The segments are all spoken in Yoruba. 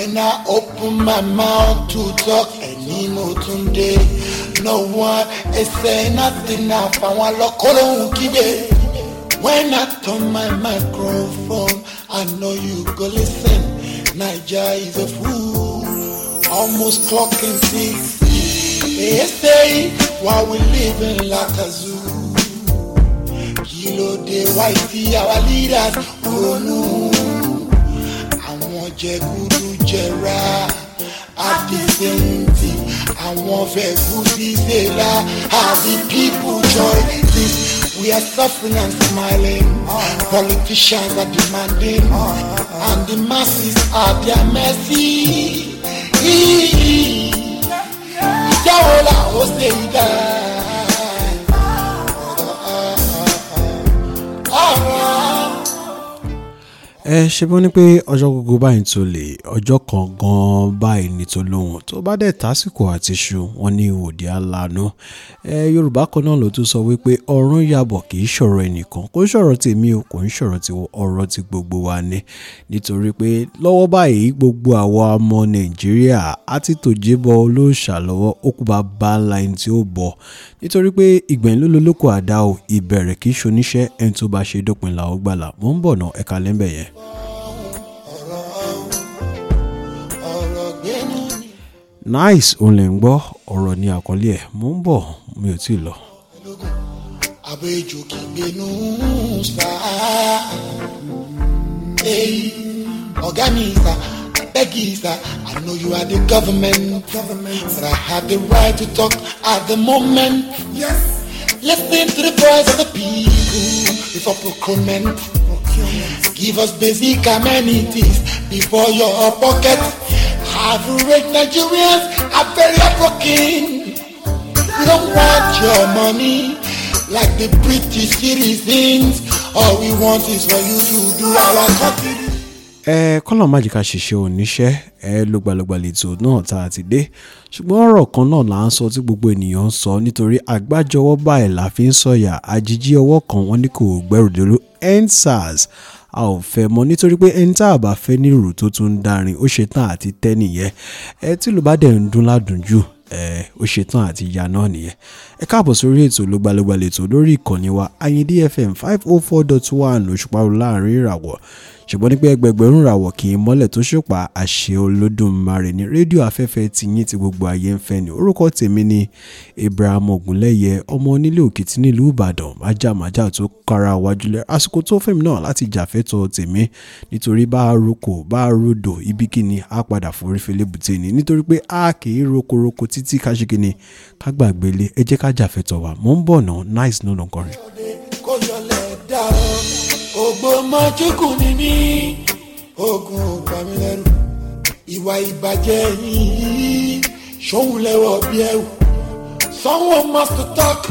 When I open my mouth to talk anymore today, no one is saying nothing. I found When I turn my microphone, I know you go listen. Niger is a fool, almost clocking six. They say while we in like a zoo. Kilo de whitey, our leaders, oh no jẹgúdú jẹra àdìsẹ́yìntì àwọn fẹ̀gúdídéla àbí people join this we are suffering and smiling politicians are demanding and the masses are their mercy. ìjà ẹ ṣe bọ́ ni pé ọjọ́ gbogbo báyìí tó lè ọjọ́ kan gan-an báyìí ní tó lóhùn tó bá dẹ̀ tásìkò àti ṣu wọn ní òde alánú ẹ Yorùbá kan náà ló tún sọ wípé ọ̀run yabọ̀ kì í ṣọ̀rọ̀ ẹnìkan kò ṣọ̀rọ̀ tèmi o kò ń ṣọ̀rọ̀ tiwọ ọ̀rọ̀ ti gbogbo wa ni nítorí pé lọ́wọ́ báyìí gbogbo àwa ọmọ Nàìjíríà á ti tòjé bọ olóòṣà lọ́wọ́ ó kú bá bá ńlá ẹni o ìbẹ̀rẹ̀ kì í ṣoníṣẹ́ ẹni tó bá ṣe dópin làó gbàlà mò ń bọ̀ ná ẹ̀ka lẹ́ńbẹ̀ yẹn. nice òun lè ń gbọ́ ọ̀rọ̀ ní àkọlé ẹ̀ mò ń bọ̀ mi ò tí ì lọ. àbẹ̀jò kìgbénú sá ọ̀gá mi sá bẹ́gì sá I know you are the government, government. but I have the right to talk at the moment. Yes. Listen to the voice of the people before procurement. Give us basic amenities before your pocket. Average Nigerians are very broken. We don't want your money like the British citizens. All we want is for you to do our country. ẹ kọ́lọ̀ májìká ṣiṣẹ́ oníṣẹ́ ẹ lọ́gbàlọ́gbà lẹ́tọ̀ náà tá a ti dé ṣùgbọ́n ọ̀rọ̀ kan náà là ń sọ tí gbogbo ènìyàn ń sọ nítorí àgbájọwọ́ báyìí la fi ń sọ̀yà àjíjí ọwọ́ kan wọn ní kò gbẹ́rù délú endsars a ò fẹ́ mọ́ nítorí pé ẹni tá a bá fẹ́ ní ìrù tó tún ń darin ó ṣetán àti tẹ́ nìyẹn ẹ tí ló bá dẹ̀ ń dún ládùn jù ẹ ó ṣetán àti ya náà nìyẹn ẹ káàbọ̀ sórí ètò lọ́gbàlọ́gbà lẹ́tọ̀ lórí ìkànnì wa ayíǹde fm five oh four dot one òṣùpá láàrin ìràwọ̀ ṣùgbọ́n ní pé ẹgbẹgbẹ̀rún ìràwọ̀ kì í mọ́lẹ̀ tó ṣùpá àṣẹ olódùmarè ní rédíò afẹ́fẹ́ ti yín ti gbogbo ayé ń fẹ́ ni orúkọ tèmi ni Ibrahim Ogunlẹ́yẹ ọmọ onílé òkìtì nílùú Ìbàdàn májàmájà tó kára wájú lẹ àsìkò tó fẹ́mi náà láti jàfẹ́tọ̀ tèmi nítorí bá a roko bá a rodò ibikíni á padà forí fẹlẹ́ nítorí pé a kì í rokoroko títí káṣíkíni ká alájàfẹ́tọ̀ wa mò ń bọ̀ ná nice no lọ́kọrin. kó yọlẹ̀ ògbómọ̀chukwu ni mí ogun ògbà mi lẹ́rù ìwà ìbàjẹ́ yìí ṣòwò lẹ́wọ̀ bí ẹ̀wù someone must talk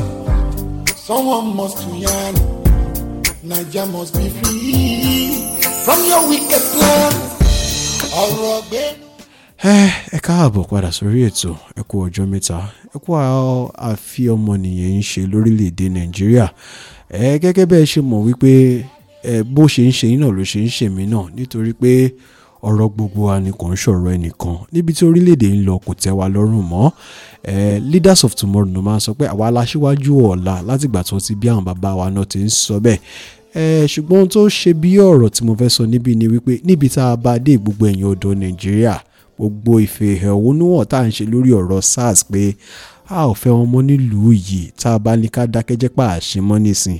someone must yarn naija must be free from your wicked plan ọ̀rọ̀ gbẹ́nu. Eh, ẹ káàbọ̀ padà sórí ètò ẹ kú ọjọ́ mẹ́ta ẹ kú àfi ọmọnìyàn ń ṣe lórílẹ̀‐èdè nàìjíríà ẹ gẹ́gẹ́ bẹ́ẹ̀ ṣe mọ̀ wípé ẹ bó ṣe ń ṣe yín náà ló ṣe ń ṣe mí náà nítorí pé ọ̀rọ̀ gbogbo wa ni kò ń ṣọ̀rọ̀ ẹnìkan níbi tí orílẹ̀‐èdè ń lọ kò tẹ́ wa lọ́rùn mọ́ leaders of tomorrow ló máa sọ pé àwa la ṣíwájú ọ̀la látìgbà tó ti bí àwọn bàbá wa náà ti ń sọ bẹ́ẹ̀ ṣùgbọ́n ohun tó ṣe bí ọ̀rọ̀ tí mo fẹ́ sọ níbí ni wípé níbi tá a bá dé gbogbo ẹ̀yin ọ̀dọ́ nàìjíríà gbogbo ìfẹ̀hónúhàn tá à ń ṣe lórí ọ̀rọ̀ SARS pé a ò fẹ́ wọn mọ́ nílùú yìí tá a bá ní ká dákẹ́jẹ́ pa àṣemọ́ nísìn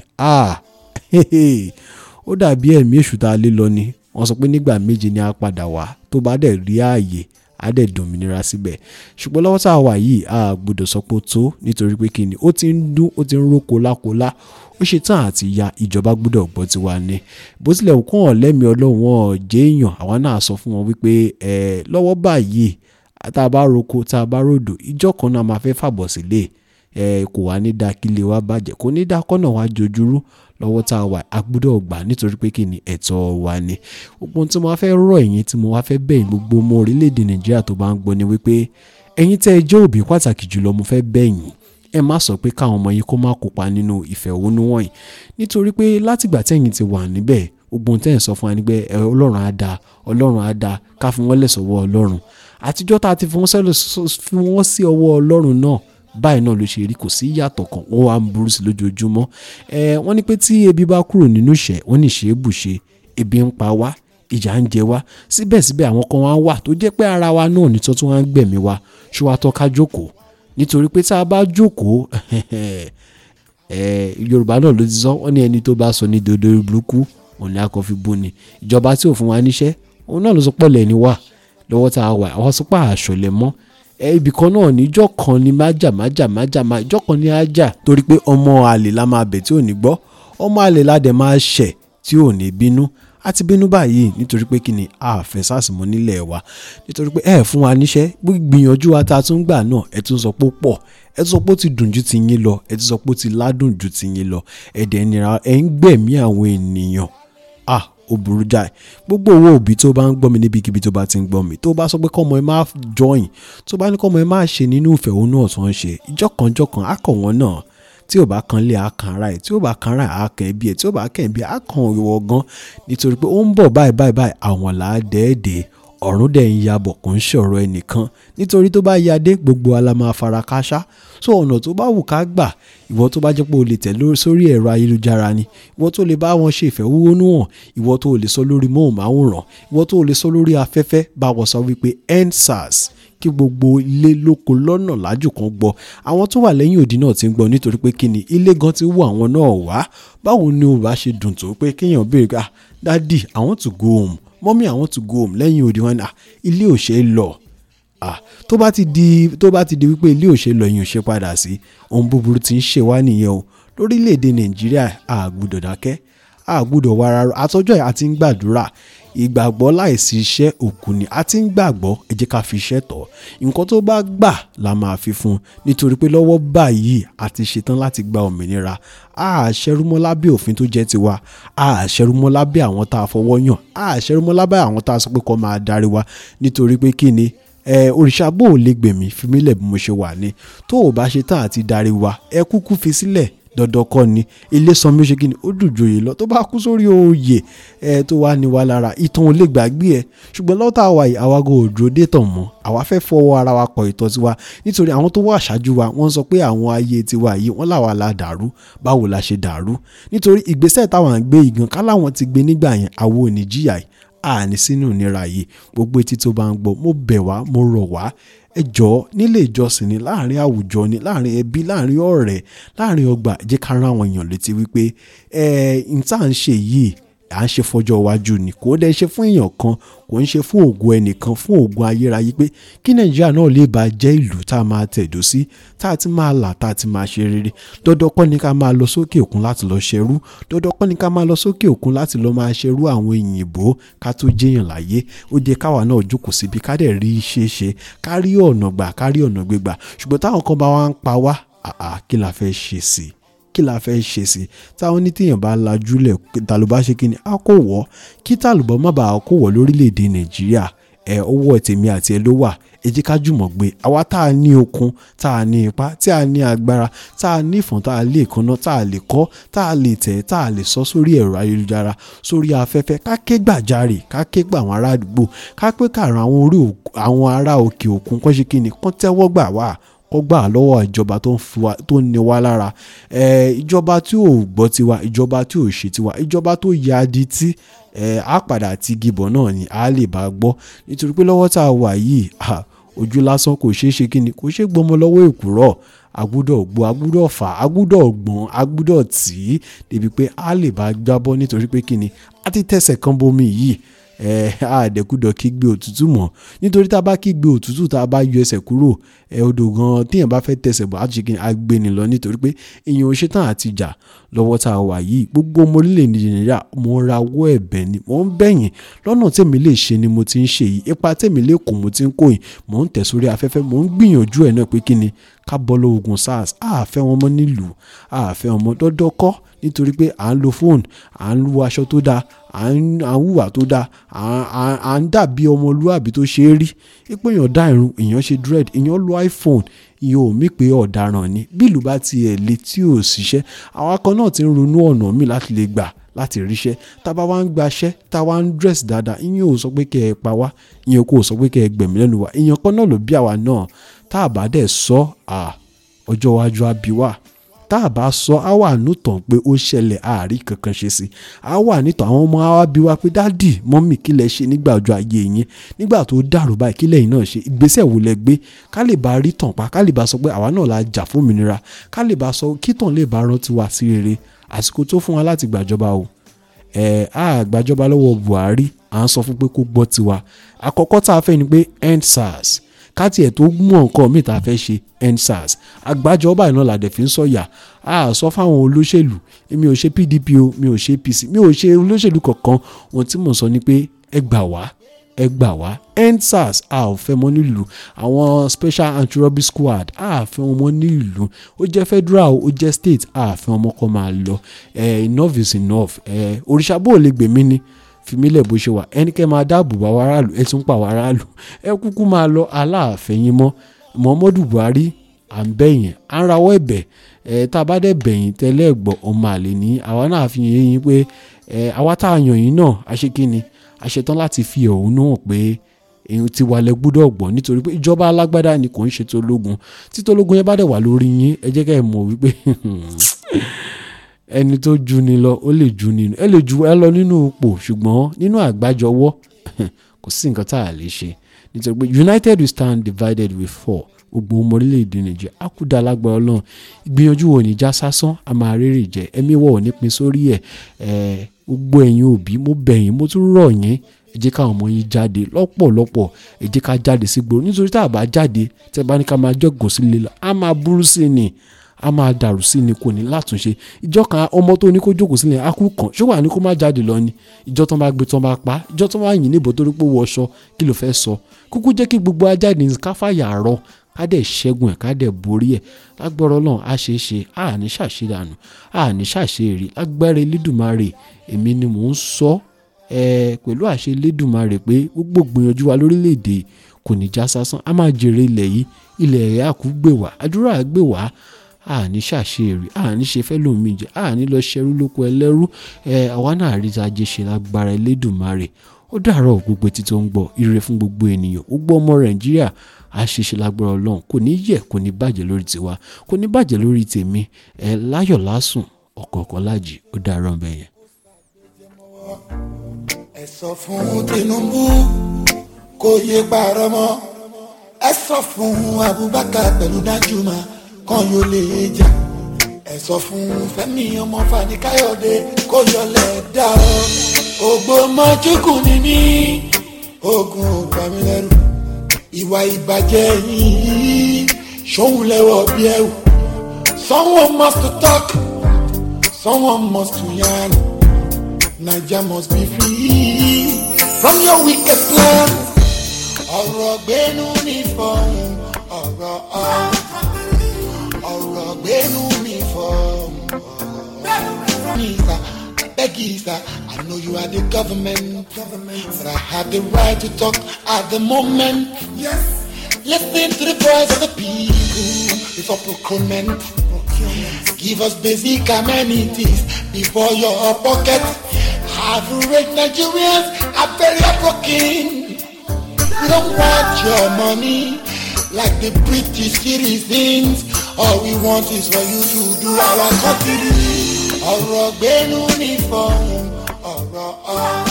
ó dàbí ẹ̀mí èṣù tá a lé lọ ni wọ́n sọ pé nígbà méje ni a padà wá tó bá dẹ̀ rí ààyè á dẹ̀ dòmìnira síbẹ̀ ṣùgbọ́n lọ́wọ́ tá a wà yìí a gbọ́dọ̀ sọ pé ó tó nítorí pé kí ó ti ń dún ó ti ń ró kólákólá ó ṣe tán àti ya ìjọba gbọ́dọ̀ gbọ́ ti wa ni bó tilẹ̀ kún ọ̀ lẹ́mìí ọlọ́run wọn jẹ́èyàn àwa náà sọ fún wọn wípé ẹ lọ́wọ́ báyìí tá a bá roko tá a bá ròdò ìjọ kan náà máa fẹ́ fàbọ̀ sílé ẹ kò wá ní dákílé wa bàjẹ́ kò ní dákọ́nà wa jojúrú lọ́wọ́ tá a wà a gbúdọ̀ gbà nítorí pé kí ni ẹ̀tọ́ wa ni gbogbo tí mo wá fẹ́ rọ̀ ẹ̀yin tí mo wá fẹ́ bẹ̀ gbogbo ọmọ orílẹ̀-èdè nàìjíríà tó bá ń gbọ́ ni wípé ẹ̀yin tẹ́ ẹ jẹ́ òbí pàtàkì jùlọ mo fẹ́ bẹ̀ yín ẹ má sọ pé káwọn ọmọ yín kó má kópa nínú ìfẹ̀hónúhàn yìí nítorí pé látìgbà tẹ̀yin ti wà níbẹ̀ gbogbo tẹ́ ẹ̀ sọ fún wa ni pé ọlọ́run á dáa ọlọ́run á dáa ká fi wọ́n lẹ̀ sọ́wọ́ ọlọ́run àtijọ́ tá ti fi wọ́n sí ọwọ́ ọlọ́run náà báyìí náà ló ṣe rí kò sí yàtọ̀ kan wọ́n wá ń burú sí lójoojúmọ́ ẹ wọ́n ní pé tí ebi bá kúrò nínú ìṣẹ́ wọ́n ní ìṣe bùṣe ebi ń pa wá ìjà ń jẹ wá síbẹ̀síbẹ̀ àwọn kan wá wà tó jẹ́ pé ara wa náà nìtọ́ tí wọ́n á gbẹ̀mí wa ṣùwà tọ́ka jókòó nítorí pé tá a bá jókòó Yorùbá náà ló ti sọ wọ́n ní ẹni tó bá sọ ní dodo burúkú òun ni a kò fi bú ni ìjọba tí ò fún wa níṣẹ́ òun náà ló sọ pọ̀lẹ̀ ni wà lọ́wọ́ tá a wà àwọn sọpá àṣọlẹ̀ mọ́ ibì kan náà níjọ́ kan ni májà májà májà máa ìjọ́ kan ní ájà torí pé ọmọ àlè la máa bẹ̀ tí ò ní gbọ́ ọmọ àlè la dẹ̀ máa ṣẹ̀ tí ò ní bínú a ti bínú báyìí nítorí pé kí ni a fẹ́ SARS mọ́ nílẹ̀ wa nítorí pé ẹ fún wa níṣẹ́ gbìyànjú wa ta tún gbà náà ẹ tún sọ pé ó pọ̀ ẹ tún sọ pé ó ti dùn ju ti yín lọ ẹ tún sọ pé ó ti ládùn ju ti yín lọ ẹ̀dẹ̀ nira ẹ ń gbẹ̀mí àwọn ènìyàn ah ó burú jáì gbogbo owó òbí tó bá ń gbọ́ mi níbikíbi tó bá ti ń gbọ́ mi tó bá sọ pé kọ́mọ ẹ máa join tó bá ní kọ́mọ ẹ máa ṣe nínú ìfẹ̀hónú ọ̀tún ń ṣe ìjọkànjọkàn akọ̀ wọn náà tí ò bá kan lé akàn ara ẹ̀ tí ò bá kan ara akàn ẹbí ẹ̀ tí ò bá kàn ẹbí akàn ìwọ gan nítorí pé ó ń bọ̀ báyìí báyìí báyìí àwọn làá dẹ́ẹ̀dẹ́ẹ́ ọ̀run dẹ̀ ń yabọ̀ kò ń ṣọ̀rọ̀ ẹnìkan nítorí tó bá yadé gbogbo ala máa fara káṣá so ọ̀nà tó bá wù ká gbà ìwọ tó bá jẹ́ pé o lè tẹ̀ sórí ẹ̀rọ ayélujára ni ìwọ tó lè bá wọn ṣe ìfẹ̀hónú hàn ìwọ tó lè sọ lórí móhùnmáwòrán ìwọ tó lè sọ lórí afẹ́fẹ́ bá wọ sọ wípé endsars kí gbogbo ilé lóko lọ́nà lájù kan gbọ́ àwọn tó wà lẹ́yìn òdì náà ti ń gbọ́ nítorí pé kíni ilé gan ti wọ àwọn náà wá báwo ni o bá ṣe dùn tó pé kéèyàn béèrè ah dádì i want to go home mọ́mí àwọn to go home lẹ́yìn odi wọn Ah, ilé ò ṣe Ah, lọ tó bá ti di tó bá ti di wípé ilé ò ṣe é lọ ẹ̀yìn ò ṣe padà sí ohun búburú ti ń ṣe wá nìyẹn o lórílẹ̀‐èdè nàìjíríà a gbọ́dọ̀ dákẹ́ a wàrà àtọ́jọ́ àti ń gbàdúrà ìgbàgbọ́ láìsí iṣẹ́ òkú ni a ti ń gbàgbọ́ ẹ ká fi iṣẹ́ tọ̀ nǹkan tó bá gbà la máa fi fún un nítorí pé lọ́wọ́ báyìí a ti ṣetán láti gba òmìnira a ṣẹrúmọ́ lábẹ́ òfin tó jẹ́ tiwa a ṣẹrúmọ́ lábẹ́ àwọn tá a fọwọ́ yàn a ṣẹrúmọ́ lábẹ́ àwọn tá a sọ pé kó máa darí wa nítorí pé kí ni ẹ òrìṣà bò lè gbèmí fi mílẹ̀ bí mo ṣe wà ní tó o bá ṣe tán àti darí wa ẹ kúkú fi sílẹ̀ dandan kọ́ ni Ilésanmí ṣe kini ó dùn joyè lọ tó bá kú sórí oyè ẹ tó wà ní wa lára ìtàn ò lè gbàgbé ẹ ṣùgbọ́n lọ́tà àwa yìí àwa go òjò dé tàn mọ́ àwa fẹ́ fọwọ́ ara wa kọ ìtàn tiwa nítorí àwọn tó wà ṣáájú wa wọ́n sọ pé àwọn ayé tiwa yìí wọ́n làwa la dàrú báwo la ṣe dàrú nítorí ìgbésẹ̀ táwọn à ń gbé ìgàn káláwọn ti gbé nígbà yẹn àwo ò ní jìyà yìí àní sínú ìnira yìí gbogbo etí tó bá ń gbọ́ mo bẹ̀ wá mo rọ̀ wá ẹ nílé ìjọsìn ni láàrin àwùjọ ni láàrin ẹbí láàrin ọ̀rẹ́ láàrin ọgbà jẹ́ ká rán àwọn èèyàn létí wípé ẹ n tá à ń ṣe yìí à ń ṣe fọjọ́ iwájú ni kò dẹ̀ ṣe fún èèyàn kan kò ń ṣe fún ògo ẹnìkan fún ògo ayérayé pé kí nàìjíríà náà lè bá jẹ́ ìlú tá a máa tẹ̀dó sí tá a ti máa là tá a ti máa ṣe rere dọ́dọ́ kọ́ ni ká máa lọ sókè òkun láti lọ ṣerú dọ́dọ́ kọ́ ni ká máa lọ sókè òkun láti lọ máa ṣerú àwọn òyìnbó ká tó jẹ́yàn láyé ó jẹ́ káwa náà jókòó síbi ká dẹ̀ rí iṣẹ́ ṣe ká rí ọ̀nà gbà ká rí ọ̀nà gbégbà ṣùgbọ́n táwọn kan bá wá ń pa wá kí la fẹ́ ṣe sí i kí la fẹ́ ṣe sí táwọn ní tíyàn bá lajúlẹ̀ tàlùbá ṣe kí ni a kò wọ́ kí tàlùbọ́ má bàa kò wọ́ lórílẹ̀‐èdè nàìjíríà ẹ owó tèmi àti ẹ ló wà ẹ ká jùmọ̀ gbé àwa tá a ní okun tá a ní ipá tí a ní agbára tá a ní ìfọ̀n tá a lè kanná tá a lè kọ́ tá a lè tẹ̀ tá a lè sọ sórí ẹ̀rọ ayélujára sórí afẹ́fẹ́ ká ké gbàjarè ká ké gbà àwọn ará àdúgbò ká pé kàrọ̀ àwọn ará òkè òkun kọ́ ṣe kí ni kán tẹ́wọ́ gbà wá kó gbà lọ́wọ́ ìjọba tó ń ni wá lára ìjọba tí ò gbọ́ tiwa ìjọba tí ò ṣe tiwa ìjọba tó ya di tí á padà ti gibọ̀ náà ni a lè bá gbọ́ nítorí pé lọ́wọ́ tá a wà yìí ojú lásán kò ṣeé ṣe kí ni kò ṣeé gbọmọ lọ́wọ́ èkùrọ́ agbúdọ̀ gbó agbúdọ̀ fà agbúdọ̀ gbọ̀n agbúdọ̀ tì í débi pé a lè bá gbábọ́ nítorí pé kí ni a ti tẹ̀sẹ̀ kan bomi yìí ẹ àdẹ̀kúdọ̀ kígbe òtútù mọ̀ nítorí tá a bá kígbe òtútù tá a bá yọ ẹsẹ̀ kúrò ẹ odò gan téèyàn bá fẹ́ tẹsẹ̀ bọ̀ àti ṣìkìn agbeni lọ nítorí pé èèyàn ò ṣetán àti jà lọ́wọ́ tá a wà yìí gbogbo ọmọ orílẹ̀-èdè nàìjíríà mo rawọ́ ẹ̀bẹ̀ ni mo ń bẹ̀yìn lọ́nà tèmi lè ṣe ni mo ti ń ṣe yìí ipa tèmi lè kò mo ti ń kóyìn mo ń tẹ̀ sórí afẹ́fẹ́ mo ń gbìyànjú ẹ̀ náà pé kí ni ká bọ́ lóògùn SARS àfẹ́ wọn mọ́ nílùú àfẹ́ wọn mọ́ dọ́dọ́ kọ́ nítorí pé à ń lo fóònù à ń lo aṣọ tó dáa à ń à ń hùwà tó dáa à à à ń dàbí ọmọlúwàbí tó ṣe é rí pé èèyàn dá irun èèyàn ṣe dread èèyàn lo iphone ìyẹn ò mí pé ọ̀daràn ni bí ìlú bá tiẹ̀ le tí ò ṣiṣẹ́ àwọn akọ náà ti ń ronú ọ̀nà míì láti lè gbà láti ríṣẹ́ tábà wá ń gbaṣẹ́ táwa ń dress dáadáa ìyẹn ò sọ pé kẹ́ ẹ pa wá ìyẹn kò sọ pé kẹ́ ẹ gbẹ̀mí lẹ́nu wa ìyẹn kan náà ló bí àwa náà tá a bá dẹ̀ sọ ọjọ́ iwájú á tá a bá sọ á wà nùtàn pé ó ṣẹlẹ̀ àárí kankan ṣe sí á wà nìtàn àwọn ọmọ á wá bí wa pé dáàdì mọ́mì kí lẹ ṣe nígbà ọjọ́ ayé yín nígbà tó dàrú báyìí kí lẹ́yìn náà ṣe ìgbésẹ̀ wo lẹ gbé ká lè bá rí tàn pa ká lè bá sọ pé àwa náà la jà fún òmìnira ká lè bá sọ kí tàn lè bá rántí wa sí rere àsìkò tó fún wa láti gbàjọba o ẹ á gbàjọba lọ́wọ́ Buhari à ń sọ fún pé kó gbọ́ tiwa àkọ́kọ́ tá a fẹ́ ni pé end SARS káti ẹ̀ tó mọ̀ nǹkan míì tá a fẹ́ ṣe endsars àgbájọba iná làdẹ̀ fi ń sọ̀yà a sọ fáwọn olóṣèlú mi ò ṣe PDP o mi ò ṣe APC mi ò ṣe olóṣèlú kankan ohun tí mò ń sọ ni pé ẹ gbà wá ẹ gbà wá endsars a ò fẹ́ mọ́ nílùú àwọn special anti-robbery squad a fẹ́ wọn mọ́ nílùú ó jẹ́ federal ó jẹ́ state a fẹ́ wọn mọ́ kọ́ máa lọ eh, enough is enough eh, òrìṣà bò lè gbèmí ni fi mí lẹ̀ bó ṣe wà ẹnikẹ́ máa dáàbò bá wa aráàlú ẹ tún pa wa aráàlú ẹ kúkú máa lọ aláàfẹ́yìn mọ́ Muhammadu Buhari à ń bẹ̀yìn à ń rawọ́ ẹ̀bẹ̀ ẹ̀ tá a bá dẹ̀ bẹ̀yìn tẹ́lẹ̀ gbọ́ ọmọ àlè ní àwa náà fi yé yín pé ẹ̀ àwa tá a yàn yín náà a ṣe ni a ṣetán láti fi ẹ̀hónú hàn pé èyí ti wà lẹ gbúdọ̀ gbọ́ nítorí pé ìjọba alágbádá ni kò ń ṣe tológun tí tológun yẹn bá dẹ̀ wà lórí yín ẹ jẹ́ kẹ́ ẹ mọ̀ wípé hmm, ẹni tó ju ni lọ ó lè ju ni ẹ lè ju ẹ lọ nínú ipò ṣùgbọ́n nínú àgbájọwọ́ kò sí nǹkan tá a lè ṣe nítorí pé united we stand divided with four, gbogbo ọmọ orílẹ̀-èdè nàìjíríà á kú dáa lágbára ọlọ́run ìgbìyànjú wò ní já sásán a máa rírì jẹ ẹ̀mí wọ̀ ò nípin sórí ẹ̀ ẹ̀ gbogbo ẹ̀yin òbí mo bẹ̀ yín mo tún rọ̀ yín ẹ káwọn ọmọ yín jáde lọ́pọ̀lọpọ̀ ẹ ká jáde sígboro nítorí tá a bá jáde tẹ́ bá ní ká máa jọ́gùn sílé lọ á máa burú sí ni a máa dàrú sí ni kò ní látúnṣe ìjọ kan ọmọ tó ní kó jókòó sílẹ̀ á kú kàn ṣó wà ní kó má jáde lọ ni ìjọ tán bá gbé tán bá pa ìjọ tán bá yìn níbo torí pé wọ ọṣọ kí ló fẹ́ sọ kúkú jẹ́ kí gbogbo ajáde ká fàyà rọ ká ṣẹ́gun ẹ̀ ká borí ẹ̀ lágbọ́rọ̀ náà á ṣe é ṣe á ní ṣàṣedànù á ní ṣàṣeèrè lágbára Elédùmarè èmi ni mò ń sọ ẹ pẹ̀lú àṣẹ Elédùmarè pé gbogbo gbìyànjú wa lórílẹ̀‐èdè kò ní já sásán á máa jèrè ilẹ̀ yìí ilẹ̀ ẹ̀ kú gbè wá àdúrà gbè wá àní ṣàṣe èrè àní ṣe fẹ́lòmíì jẹ àní lọ ṣẹrú lóko ẹlẹ́rú ẹ àwa náà rí ta jẹ ṣe lágbára Elédùmarè ó dàárọ̀ gbogbo etí tó ń gbọ́ ire fún gbogbo ènìyàn ó ọmọ Nàìjíríà àṣeṣe lágbára Ọlọ́run kò ní yẹ̀ kò ní bàjẹ́ lórí tiwa kò ní bàjẹ́ lórí tèmi ẹ láyọ̀ lásùn ọ̀kọ̀ọ̀kan lájì ó dàárọ̀ ńbẹ̀ yẹn. ẹ sọ fún Tinubu kó yé parọ́ mọ́ ẹ sọ fún Abubakar pẹ̀lú Danjuma kàn yóò lè jà ẹ sọ fún Fẹ́mi ọmọ Fani Káyọ̀dé kó yọlẹ dá ọ ògbómọ̀chukwu ni mí ogun ò mi mí lẹ́rù ìwà ìbàjẹ́ yìí ṣòun lẹ́wọ̀ bí ẹ̀wù someone must talk someone must yarn Naija must be free from your wicked plan ọ̀rọ̀ gbénu ní fọ́ọ̀hún ọ̀rọ̀ ọ̀hún. gbẹ́nu mi fọ́ mi sá sá. I know you are the government, but I have the right to talk at the moment. Yes. Listen to the voice of the people before procurement. Give us basic amenities before your pocket. read Nigerians are very broken. We don't want your money like the British citizens. All we want is for you to do our country. Ọ̀rọ̀ gbénu ní fọ̀hún ọ̀rọ̀ our.